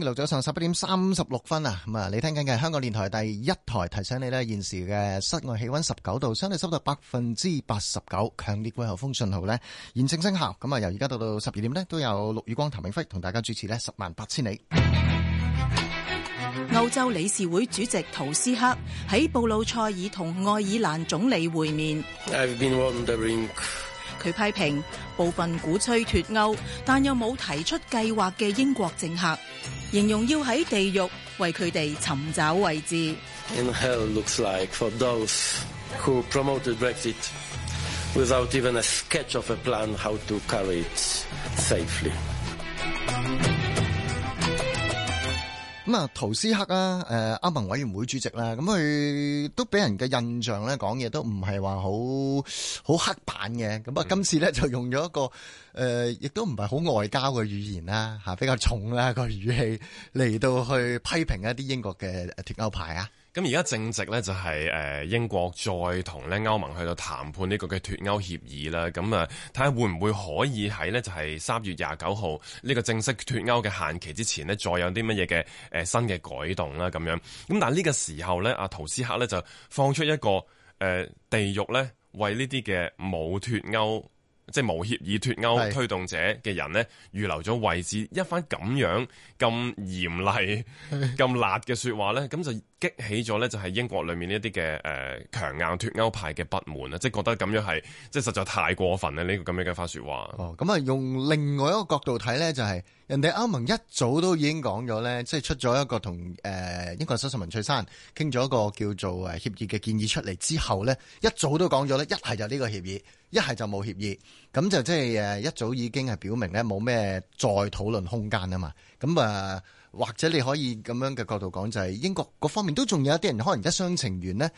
六早上十一點三十六分啊，咁啊，你聽緊嘅香港電台第一台提醒你呢，現時嘅室外氣溫十九度，相對濕度百分之八十九，強烈季候風信號呢現正生效。咁啊，由而家到到十二點呢，都有陸宇光、譚永輝同大家主持呢《十萬八千里》。歐洲理事會主席圖斯克喺布魯塞爾同愛爾蘭總理會面。佢批評部分鼓吹脫歐但又冇提出計劃嘅英國政客，形容要喺地獄為佢哋尋找位置。In hell looks like for those who 咁啊，陶斯克啊，誒，歐盟委員會主席啦，咁佢都俾人嘅印象咧，講嘢都唔係話好好刻板嘅，咁啊、嗯，今次咧就用咗一個誒、呃，亦都唔係好外交嘅語言啦，吓比較重啦個語氣嚟到去批評一啲英國嘅脱歐派啊。咁而家正值咧就係英國再同咧歐盟去到談判呢個嘅脱歐協議啦，咁啊睇下會唔會可以喺呢，就係三月廿九號呢個正式脱歐嘅限期之前呢，再有啲乜嘢嘅新嘅改動啦咁樣。咁但係呢個時候咧，阿圖斯克咧就放出一個地獄咧，為呢啲嘅冇脱歐。即係無協議脱歐推動者嘅人呢，是的 預留咗位置，一番咁樣咁嚴厲、咁是的 辣嘅説話呢，咁就激起咗呢，就係英國裡面呢一啲嘅誒強硬脱歐派嘅不滿啊！即係覺得咁樣係，即係實在是太過分啦！呢個咁樣嘅一番説話。咁啊、哦嗯嗯，用另外一個角度睇呢，就係、是、人哋歐盟一早都已經講咗呢，即、就、係、是、出咗一個同誒、呃、英國首相文翠珊傾咗一個叫做誒協議嘅建議出嚟之後呢，一早都講咗呢，一係就呢個協議。一係就冇協議，咁就即係一早已經係表明咧冇咩再討論空間啊嘛，咁啊或者你可以咁樣嘅角度講就係、是、英國各方面都仲有一啲人可能一廂情願咧。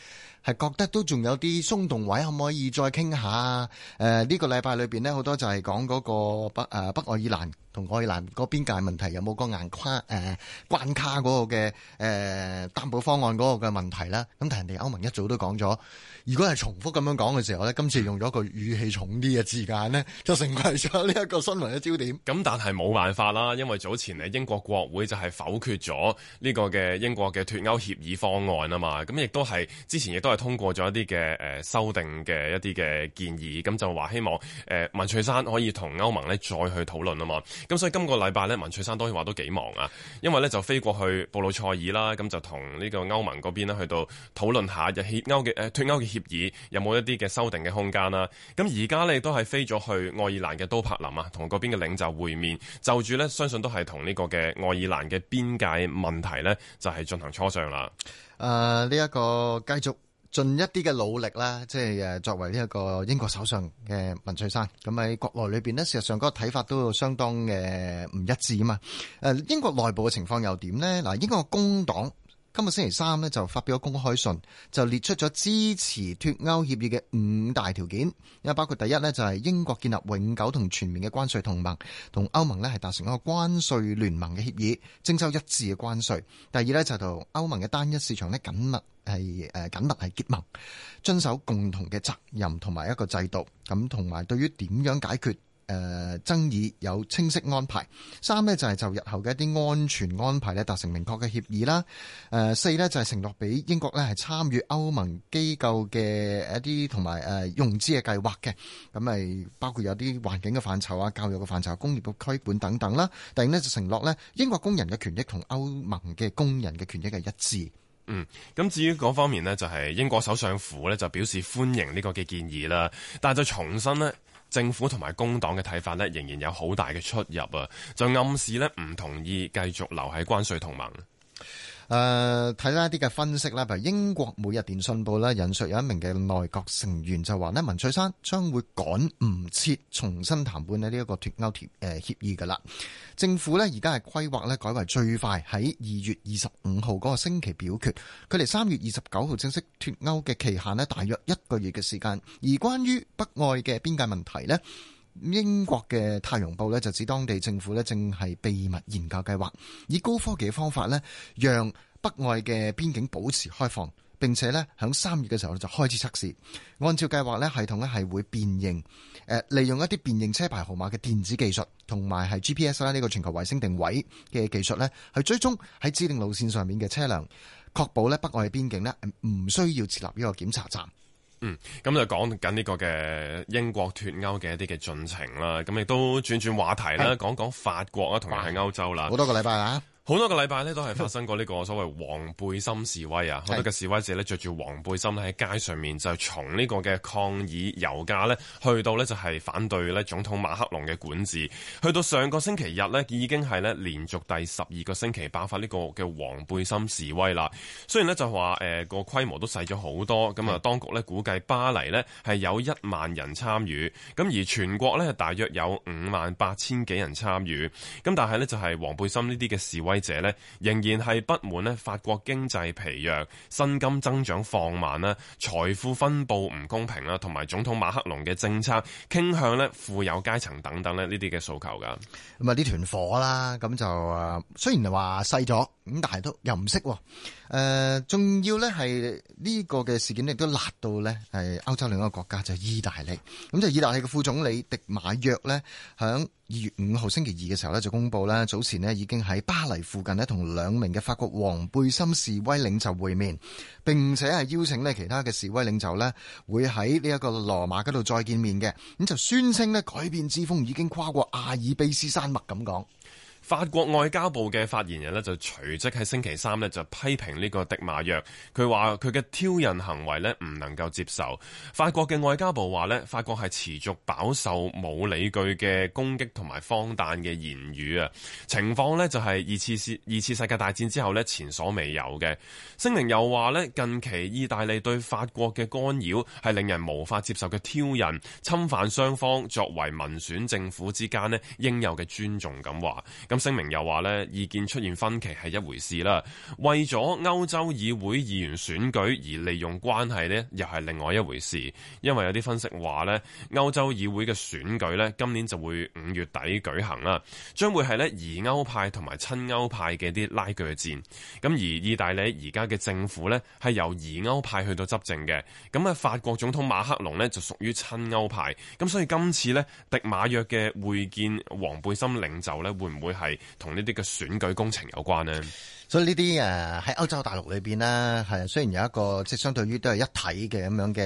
係覺得都仲有啲鬆動位，可唔可以再傾下啊？呢、呃呢個禮拜裏面呢，好多就係講嗰個北、呃、北愛爾蘭同愛爾蘭嗰邊界問題，有冇個硬跨誒、呃、關卡嗰個嘅誒、呃、擔保方案嗰個嘅問題啦？咁但係人哋歐盟一早都講咗，如果係重複咁樣講嘅時候咧，今次用咗個語氣重啲嘅字眼呢，就成為咗呢一個新聞嘅焦點。咁但係冇辦法啦，因為早前呢英國國會就係否決咗呢個嘅英國嘅脫歐協議方案啊嘛。咁亦都係之前亦都。通過咗一啲嘅誒修訂嘅一啲嘅建議，咁就話希望誒、呃，文翠珊可以同歐盟咧再去討論啊嘛。咁所以今個禮拜咧，文翠珊當然話都幾忙啊，因為咧就飛過去布魯塞爾啦，咁就同呢個歐盟嗰邊呢去到討論下嘅協歐嘅誒脱歐嘅協議有冇一啲嘅修訂嘅空間啦。咁而家咧亦都係飛咗去愛爾蘭嘅都柏林啊，同嗰邊嘅領袖會面，就住咧相信都係同呢個嘅愛爾蘭嘅邊界問題咧就係、是、進行磋商啦。誒、呃，呢、這、一個繼續。盡一啲嘅努力啦，即係作為呢一個英國首相嘅文翠珊，咁喺國內裏面呢，事實上嗰個睇法都相當嘅唔一致啊嘛。誒，英國內部嘅情況又點呢？嗱，英國工黨，今日星期三咧就發表咗公開信，就列出咗支持脫歐協議嘅五大條件，包括第一呢，就係英國建立永久同全面嘅關稅同盟，同歐盟呢，係達成一個關稅聯盟嘅協議，徵收一致嘅關稅。第二呢，就同歐盟嘅單一市場緊密係誒緊密係結盟，遵守共同嘅責任同埋一個制度。咁同埋對於點樣解決，誒、呃，爭議有清晰安排。三呢，就係就日後嘅一啲安全安排咧達成明確嘅協議啦。誒、呃，四呢，就係承諾俾英國呢係參與歐盟機構嘅一啲同埋誒融資嘅計劃嘅。咁咪包括有啲環境嘅範疇啊、教育嘅範疇、工業嘅規管等等啦。第二呢，就承諾呢英國工人嘅權益同歐盟嘅工人嘅權益係一致。嗯，咁至於嗰方面呢，就係、是、英國首相府呢就表示歡迎呢個嘅建議啦。但係就重新呢。政府同埋工黨嘅睇法呢仍然有好大嘅出入啊！就暗示咧唔同意繼續留喺關稅同盟。誒，睇翻、呃、一啲嘅分析啦，譬如英國每日電訊報啦，引述有一名嘅內閣成員就話呢，文翠珊將會趕唔切重新談判咧呢一個脫歐協誒協議噶啦。政府呢而家係規劃呢改為最快喺二月二十五號嗰個星期表決，佢哋三月二十九號正式脫歐嘅期限呢，大約一個月嘅時間。而關於北愛嘅邊界問題呢英國嘅《太陽報》咧就指當地政府咧正係秘密研究計劃，以高科技嘅方法呢讓北外嘅邊境保持開放。並且呢喺三月嘅時候就開始測試。按照計劃呢，系統呢係會辨認，誒利用一啲辨認車牌號碼嘅電子技術，同埋 GPS 啦呢個全球衛星定位嘅技術呢去追蹤喺指定路線上面嘅車輛，確保呢北外嘅邊境呢唔需要設立一個檢查站。嗯，咁就講緊呢個嘅英國脫歐嘅一啲嘅進程啦，咁亦都轉轉話題啦，講講是法國啊，同埋歐洲啦。好多個禮拜啊！好多個禮拜咧都係發生過呢個所謂黃背心示威啊！好多嘅示威者咧着住黃背心咧喺街上面，就從呢個嘅抗議油價咧，去到咧就係反對咧總統馬克龍嘅管治，去到上個星期日咧已經係咧連續第十二個星期爆發呢個嘅黃背心示威啦。雖然咧就話誒個規模，都細咗好多，咁啊當局咧估計巴黎咧係有一萬人參與，咁而全國咧大約有五萬八千幾人參與，咁但係咧就係黃背心呢啲嘅示威。者咧仍然係不滿呢法國經濟疲弱、薪金增長放慢啦、財富分布唔公平啦，同埋總統馬克龍嘅政策傾向呢富有階層等等咧呢啲嘅訴求噶，咁啊呢團火啦，咁就雖然話細咗。咁但係都又唔識，誒，仲要咧係呢個嘅事件亦都辣到咧，係歐洲另一個國家就係意大利。咁就意大利嘅副總理迪馬約咧，響二月五號星期二嘅時候咧就公布啦。早前呢已經喺巴黎附近呢，同兩名嘅法國黃背心示威領袖會面，並且係邀請呢其他嘅示威領袖呢，會喺呢一個羅馬嗰度再見面嘅。咁就宣稱呢，改變之風已經跨過阿爾卑斯山脈咁講。法國外交部嘅發言人呢就隨即喺星期三呢就批評呢個迪馬約，佢話佢嘅挑釁行為咧唔能夠接受。法國嘅外交部話呢，法國係持續飽受冇理據嘅攻擊同埋荒誕嘅言語啊，情況呢就係二次世二次世界大戰之後呢前所未有嘅。聲明又話呢，近期意大利對法國嘅干擾係令人無法接受嘅挑釁、侵犯雙方作為民選政府之間呢應有嘅尊重咁話咁。聲明又話咧，意見出現分歧係一回事啦。為咗歐洲議會議員選舉而利用關係呢，又係另外一回事。因為有啲分析話呢，歐洲議會嘅選舉咧，今年就會五月底舉行啦，將會係呢疑歐派同埋親歐派嘅啲拉鋸戰。咁而意大利而家嘅政府呢，係由疑歐派去到執政嘅。咁啊，法國總統馬克龍呢，就屬於親歐派。咁所以今次呢，迪馬約嘅會見黃背心領袖呢，會唔會係？同呢啲嘅選舉工程有關呢？所以呢啲誒喺歐洲大陸裏面咧，係雖然有一個即係相對於都係一體嘅咁樣嘅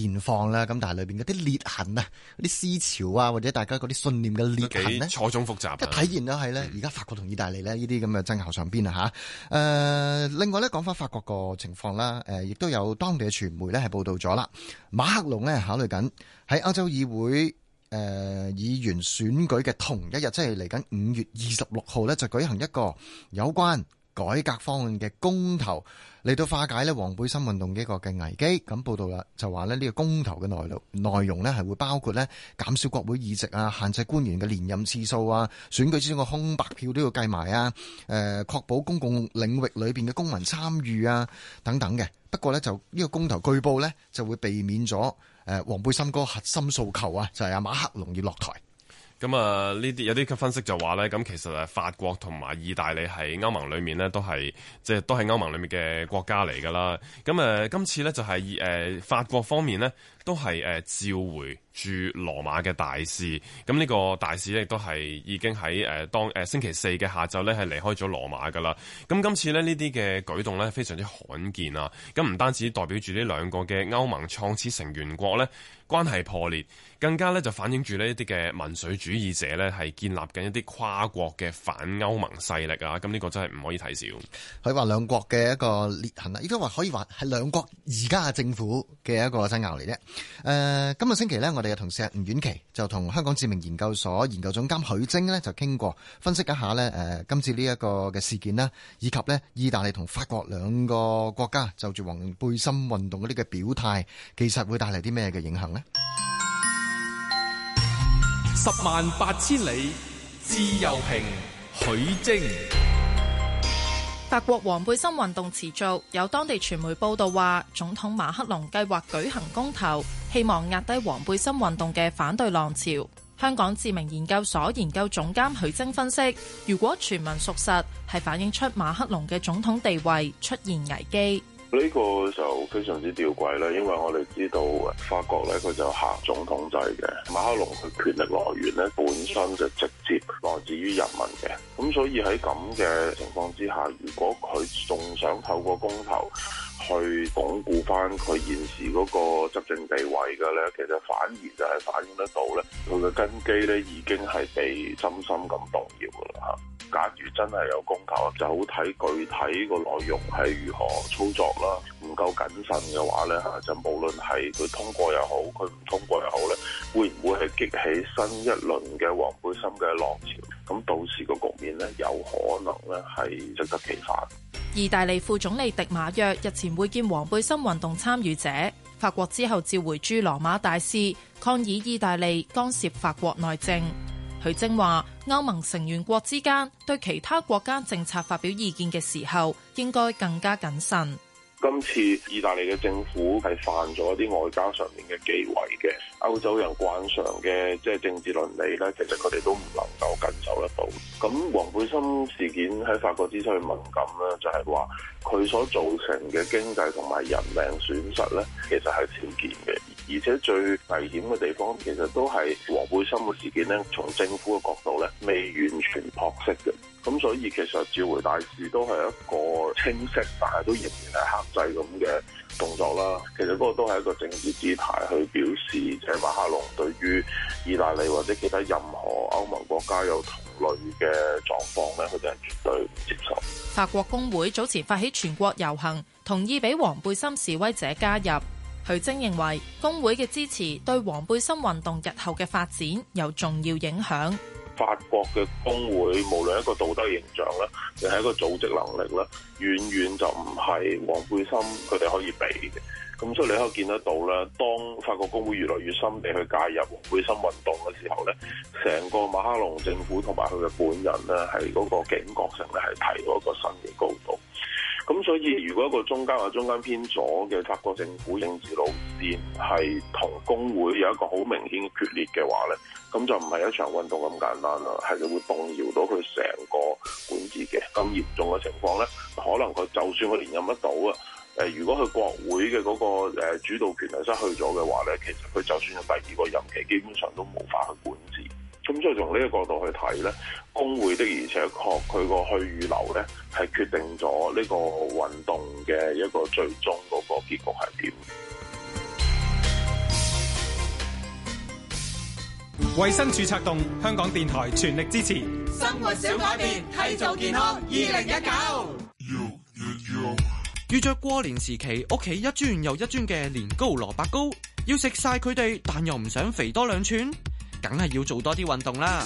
現況啦，咁但係裏面嗰啲裂痕啊、嗰啲思潮啊，或者大家嗰啲信念嘅裂痕呢，錯綜複雜，啊，即係體現到係呢。而家法國同意大利呢，呢啲咁嘅爭拗上邊啊嚇。誒另外咧講翻法國個情況啦，亦都有當地嘅傳媒咧係報道咗啦，馬克龍咧考慮緊喺歐洲議會。誒、呃，議員選舉嘅同一日，即係嚟緊五月二十六號咧，就舉行一個有關改革方案嘅公投，嚟到化解咧黃背心運動嘅一個嘅危機。咁報道啦，就話咧呢個公投嘅內容內容咧係會包括呢減少國會議席啊，限制官員嘅連任次數啊，選舉之中嘅空白票都要計埋啊，誒、呃，確保公共領域裏邊嘅公民參與啊，等等嘅。不過呢，就呢個公投據報呢，就會避免咗。誒黃背心嗰核心訴求啊，就係阿馬克龍要落台。咁、呃、啊，呢啲有啲分析就話咧，咁其實誒法國同埋意大利喺歐盟裡面咧，就係、都係即係都係歐盟裡面嘅國家嚟㗎啦。咁誒、呃，今次咧就係誒、呃、法國方面咧。都係召回駐羅馬嘅大使，咁呢個大使亦都係已經喺誒星期四嘅下晝咧係離開咗羅馬㗎啦。咁今次咧呢啲嘅舉動咧非常之罕見啊！咁唔單止代表住呢兩個嘅歐盟創始成員國咧關係破裂，更加咧就反映住呢一啲嘅民粹主義者咧係建立緊一啲跨國嘅反歐盟勢力啊！咁呢個真係唔可以睇小。佢話話兩國嘅一個裂痕啊，應該話可以話係兩國而家嘅政府嘅一個爭拗嚟啫。誒、呃，今日星期咧，我哋嘅同事吳婉琪就同香港智明研究所研究總監許楨咧就傾過，分析一下咧，誒、呃、今次呢一個嘅事件啦，以及咧意大利同法國兩個國家就住黃背心運動嗰啲嘅表態，其實會帶嚟啲咩嘅影響呢？十萬八千里自由評許楨。法國黃背心運動持續，有當地傳媒報道話，總統馬克龍計劃舉行公投，希望壓低黃背心運動嘅反對浪潮。香港智明研究所研究總監許楨分析，如果傳聞屬實，係反映出馬克龍嘅總統地位出現危機。呢個就非常之吊詭啦，因為我哋知道法國呢，佢就行總統制嘅馬克龍，佢權力來源呢，本身就直接來自於人民嘅，咁所以喺咁嘅情況之下，如果佢仲想透過公投，去鞏固翻佢現時嗰個執政地位嘅咧，其實反而就係反映得到咧，佢嘅根基咧已經係被深深咁動搖噶啦嚇。假如真係有公投，就好睇具體個內容係如何操作啦。唔夠謹慎嘅話咧嚇，就無論係佢通過又好，佢唔通過又好咧，會唔會係激起新一輪嘅黃背心嘅浪潮？咁到時個局面咧，有可能咧係適得其反。意大利副總理迪馬約日前會見黃背心運動參與者，法國之後召回駐羅馬大使，抗議意大利干涉法國內政。許楨話：歐盟成員國之間對其他國家政策發表意見嘅時候，應該更加謹慎。今次意大利嘅政府係犯咗一啲外交上面嘅忌諱嘅。歐洲人慣常嘅，即係政治倫理呢，其實佢哋都唔能夠忍受得到。咁黃背心事件喺法國之所以敏感，就係話佢所造成嘅經濟同埋人命損失呢，其實係少見嘅。而且最危險嘅地方，其實都係黃背心嘅事件從政府嘅角度未完全撲熄嘅。咁所以其實召回大使都係一個清晰，但係都仍然係限制咁嘅動作啦。其實嗰個都係一個政治姿態去表示。嘅馬克龍對於意大利或者其他任何歐盟國家有同類嘅狀況咧，佢哋係絕對唔接受。法國工會早前發起全國遊行，同意俾黃背心示威者加入。許楨認為工會嘅支持對黃背心運動日後嘅發展有重要影響。法國嘅工會無論一個道德形象啦，定係一個組織能力啦，遠遠就唔係黃背心佢哋可以比嘅。咁所以你可以見得到啦，當法國工會越來越深地去介入黃背心運動嘅時候咧，成個馬克龍政府同埋佢嘅本人咧，係嗰個警覺性咧，係提到一個新嘅高度。咁所以，如果一個中間或中間偏左嘅法國政府政治路線係同工會有一個好明顯嘅決裂嘅話咧，咁就唔係一場運動咁簡單啦，係就會動搖到佢成個管治嘅。咁嚴重嘅情況咧，可能佢就算佢連任得到啊，誒如果佢國會嘅嗰個誒主導權係失去咗嘅話咧，其實佢就算係第二個任期，基本上都無法去管治。咁所以從呢個角度去睇咧，工會的而且確佢個去與留咧，係決定咗呢個運動嘅一個最終嗰個結局係點。衛生署策動，香港電台全力支持。生活小改變，提早健康。二零一九。遇着過年時期，屋企一樽又一樽嘅年糕、蘿蔔糕，要食晒佢哋，但又唔想肥多兩寸。梗係要做多啲運動啦，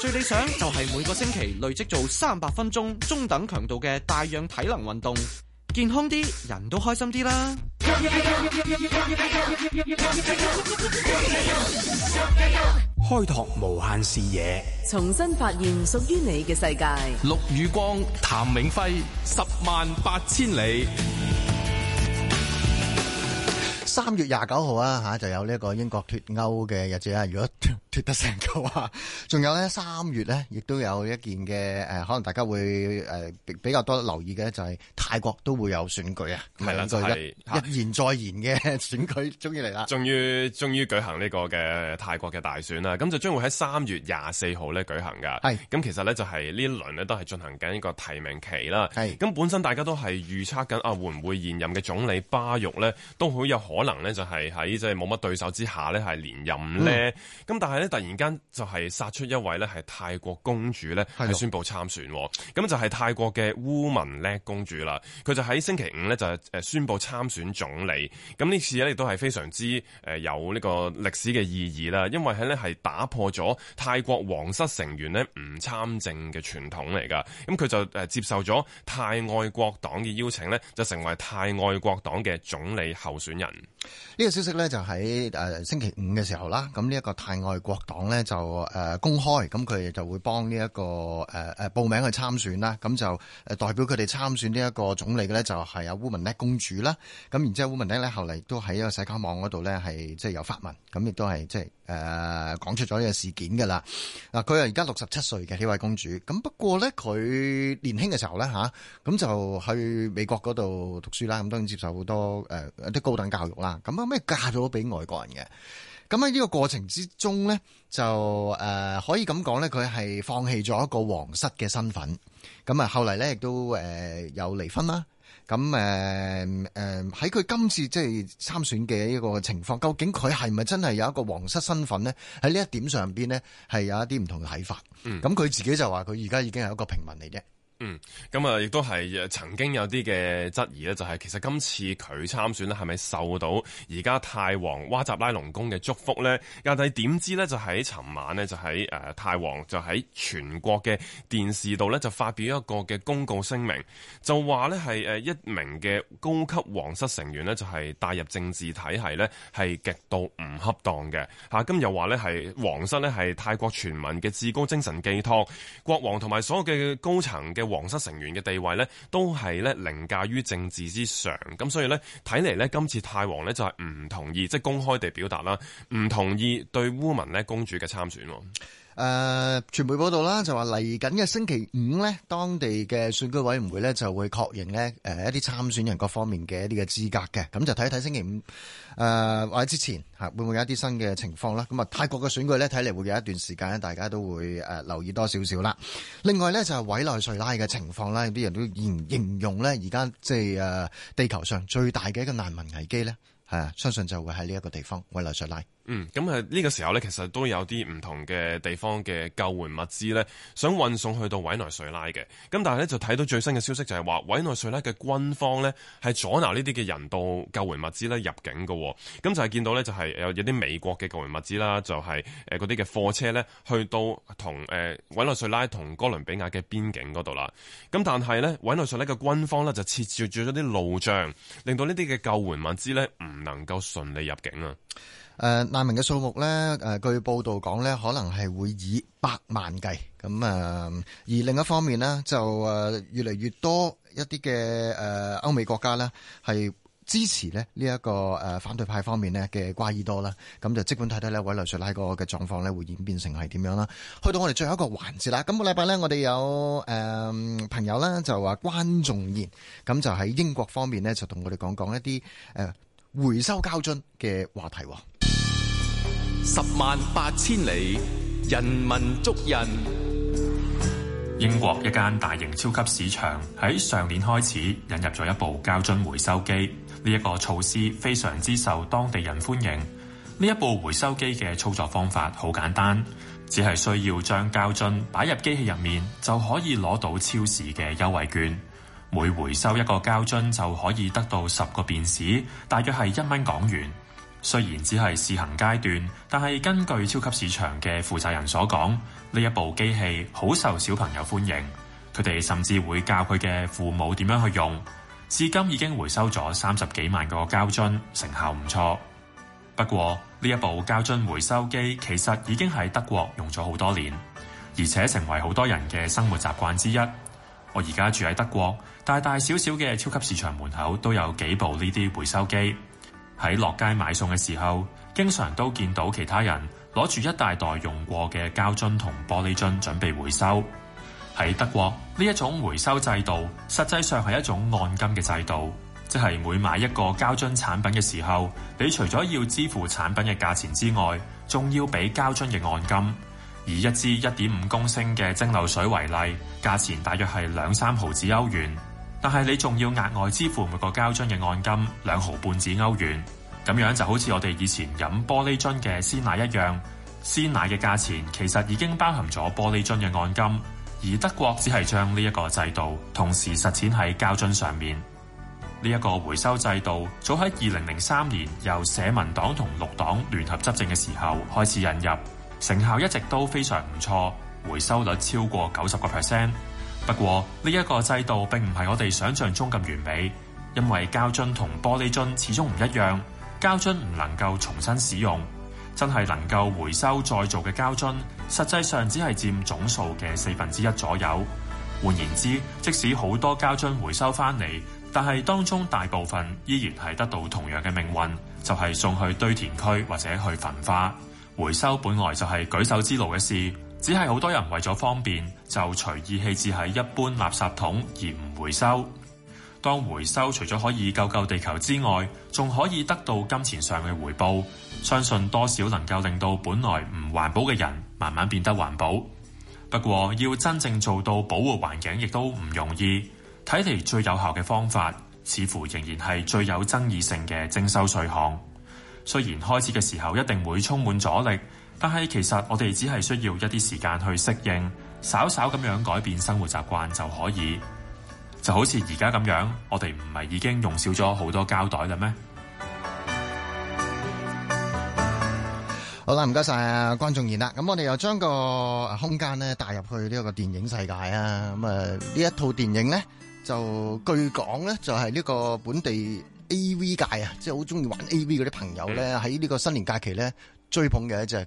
最理想就係每個星期累積做三百分鐘中等強度嘅帶氧體能運動，健康啲，人都開心啲啦。開拓無限視野，重新發現屬於你嘅世界。陸雨光、譚永輝，十萬八千里。三月廿九號啊嚇、啊，就有呢一個英國脱歐嘅日子啊！如果脱得成嘅話，仲有咧三月咧，亦都有一件嘅誒、呃，可能大家會誒、呃、比較多留意嘅就係泰國都會有選舉啊，係啦，係一延再延嘅選舉終於嚟啦，終於終於舉行呢個嘅泰國嘅大選啦，咁就將會喺三月廿四號咧舉行㗎，係咁是的 其實咧就係、是、呢一輪咧都係進行緊一個提名期啦，係咁是的 本身大家都係預測緊啊會唔會現任嘅總理巴育咧都好有可能。可能呢，就係喺即係冇乜對手之下呢，係連任咧。咁、嗯、但係呢，突然間就係殺出一位呢，係泰國公主呢，係宣布參選。咁、嗯、就係泰國嘅烏汶叻公主啦。佢就喺星期五呢，就誒宣布參選總理。咁呢次呢，亦都係非常之誒有呢個歷史嘅意義啦，因為喺呢，係打破咗泰國皇室成員呢唔參政嘅傳統嚟噶。咁佢就誒接受咗泰愛國黨嘅邀請呢，就成為泰愛國黨嘅總理候選人。呢個消息咧就喺誒、呃、星期五嘅時候啦，咁呢一個泰外國黨咧就誒、呃、公開，咁佢就會幫呢、這、一個誒誒、呃、報名去參選啦，咁就誒代表佢哋參選呢一個總理嘅咧就係阿烏汶叻公主啦，咁然之後烏汶叻咧後嚟都喺一個社交網嗰度咧係即係有發文，咁亦都係即係。誒，講、呃、出咗呢個事件噶啦嗱，佢係而家六十七歲嘅呢位公主咁。不過咧，佢年輕嘅時候咧吓咁就去美國嗰度讀書啦。咁當然接受好多誒一啲高等教育啦。咁後尾嫁咗俾外國人嘅。咁喺呢個過程之中咧，就誒、呃、可以咁講咧，佢係放棄咗一個皇室嘅身份。咁啊，後嚟咧亦都誒有離婚啦。咁誒誒喺佢今次即係參選嘅一個情況，究竟佢係咪真係有一個皇室身份咧？喺呢一點上邊咧，係有一啲唔同嘅睇法。嗯，咁佢自己就話佢而家已經係一個平民嚟啫。嗯，咁啊，亦都係曾經有啲嘅質疑咧，就係、是、其實今次佢參選咧，係咪受到而家泰王哇扎拉隆功嘅祝福咧？但係點知咧，就喺尋晚咧，就喺誒、呃、泰王就喺全國嘅電視度咧，就發表一個嘅公告聲明，就話咧係誒一名嘅高級皇室成員咧，就係、是、帶入政治體系咧，係極度唔恰當嘅吓，咁、啊、又話咧係皇室咧係泰國全民嘅至高精神寄託國王同埋所有嘅高層嘅。皇室成員嘅地位咧，都係咧凌駕於政治之上，咁所以咧，睇嚟咧今次泰皇咧就係唔同意，即係公開地表達啦，唔同意對烏汶咧公主嘅參選。誒，傳、uh, 媒報道啦，就話嚟緊嘅星期五呢，當地嘅選舉委員會呢就會確認呢誒一啲參選人各方面嘅一啲嘅資格嘅，咁就睇一睇星期五誒、呃、或者之前吓會唔會有一啲新嘅情況啦？咁啊，泰國嘅選舉呢睇嚟會有一段時間呢大家都會誒留意多少少啦。另外呢，就係委內瑞拉嘅情況啦，有啲人都形容呢，而家即係誒地球上最大嘅一個難民危機呢，係啊，相信就會喺呢一個地方委內瑞拉。嗯，咁啊呢個時候呢，其實都有啲唔同嘅地方嘅救援物資呢，想運送去到委內瑞拉嘅。咁但係呢，就睇到最新嘅消息就係話委內瑞拉嘅軍方呢，係阻撓呢啲嘅人道救援物資呢入境嘅，哦。咁就係見到呢，就係、是、有有啲美國嘅救援物資啦，就係誒嗰啲嘅貨車呢，去到同誒、呃、委內瑞拉同哥倫比亞嘅邊境嗰度啦。咁但係呢，委內瑞拉嘅軍方呢，就設置咗啲路障，令到呢啲嘅救援物資呢，唔能夠順利入境啊。誒，難民嘅數目咧，誒、呃，據報道講咧，可能係會以百萬計咁啊。而另一方面呢，就誒、呃、越嚟越多一啲嘅誒歐美國家咧，係支持咧呢一、這個誒、呃、反對派方面、呃、呢嘅瓜爾多啦。咁就即管睇睇呢位委內瑞拉國嘅狀況咧，會演變成係點樣啦？去到我哋最後一個環節啦。咁、那個禮拜咧，我哋有誒、呃、朋友咧就話關仲然，咁就喺英國方面咧，就同我哋講講一啲誒、呃、回收膠樽嘅話題。十萬八千里，人文足印。英國一間大型超級市場喺上年開始引入咗一部膠樽回收機，呢一個措施非常之受當地人歡迎。呢一部回收機嘅操作方法好簡單，只係需要將膠樽擺入機器入面，就可以攞到超市嘅優惠券。每回收一個膠樽就可以得到十個便士，大約係一蚊港元。雖然只係試行階段，但係根據超級市場嘅負責人所講，呢一部機器好受小朋友歡迎。佢哋甚至會教佢嘅父母點樣去用。至今已經回收咗三十幾萬個膠樽，成效唔錯。不過呢一部膠樽回收機其實已經喺德國用咗好多年，而且成為好多人嘅生活習慣之一。我而家住喺德國，大大小小嘅超級市場門口都有幾部呢啲回收機。喺落街買餸嘅時候，經常都見到其他人攞住一大袋用過嘅膠樽同玻璃樽準備回收。喺德國，呢一種回收制度，實際上係一種按金嘅制度，即係每買一個膠樽產品嘅時候，你除咗要支付產品嘅價錢之外，仲要俾膠樽嘅按金。以一支一點五公升嘅蒸餾水為例，價錢大約係兩三毫子歐元。但係你仲要額外支付每個膠樽嘅按金兩毫半子歐元，咁樣就好似我哋以前飲玻璃樽嘅鮮奶一樣。鮮奶嘅價錢其實已經包含咗玻璃樽嘅按金，而德國只係將呢一個制度同時實踐喺膠樽上面。呢一個回收制度早喺二零零三年由社民黨同綠黨聯合執政嘅時候開始引入，成效一直都非常唔錯，回收率超過九十個 percent。不過呢一個制度並唔係我哋想象中咁完美，因為膠樽同玻璃樽始終唔一樣，膠樽唔能夠重新使用。真係能夠回收再做嘅膠樽，實際上只係佔總數嘅四分之一左右。換言之，即使好多膠樽回收翻嚟，但係當中大部分依然係得到同樣嘅命運，就係送去堆填區或者去焚化。回收本來就係舉手之勞嘅事。只係好多人為咗方便就隨意棄置喺一般垃圾桶而唔回收。當回收除咗可以救救地球之外，仲可以得到金錢上嘅回報，相信多少能夠令到本來唔環保嘅人慢慢變得環保。不過要真正做到保護環境，亦都唔容易。睇嚟最有效嘅方法，似乎仍然係最有爭議性嘅徵收稅項。雖然開始嘅時候一定會充滿阻力。但係其實我哋只係需要一啲時間去適應，稍稍咁樣改變生活習慣就可以，就好似而家咁樣，我哋唔係已經用少咗好多膠袋啦咩？好啦，唔該晒啊，關仲然啦，咁我哋又將個空間咧帶入去呢個電影世界啊，咁啊呢一套電影咧就據講咧就係、是、呢個本地 A V 界啊，即係好中意玩 A V 嗰啲朋友咧喺呢個新年假期咧追捧嘅一隻。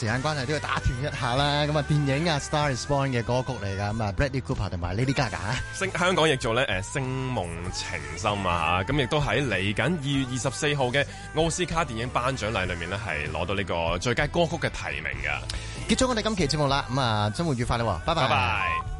時間關係都要打斷一下啦，咁啊電影啊《Star Is Born》嘅歌曲嚟㗎，咁啊 Bradley Cooper 同埋 Lady Gaga 嚇，星香港亦做咧誒《星夢情深》啊嚇，咁亦都喺嚟緊二月二十四號嘅奧斯卡電影頒獎禮裏面咧係攞到呢個最佳歌曲嘅提名嘅。結束我哋今期節目啦，咁啊，週末愉快啦，拜拜。Bye bye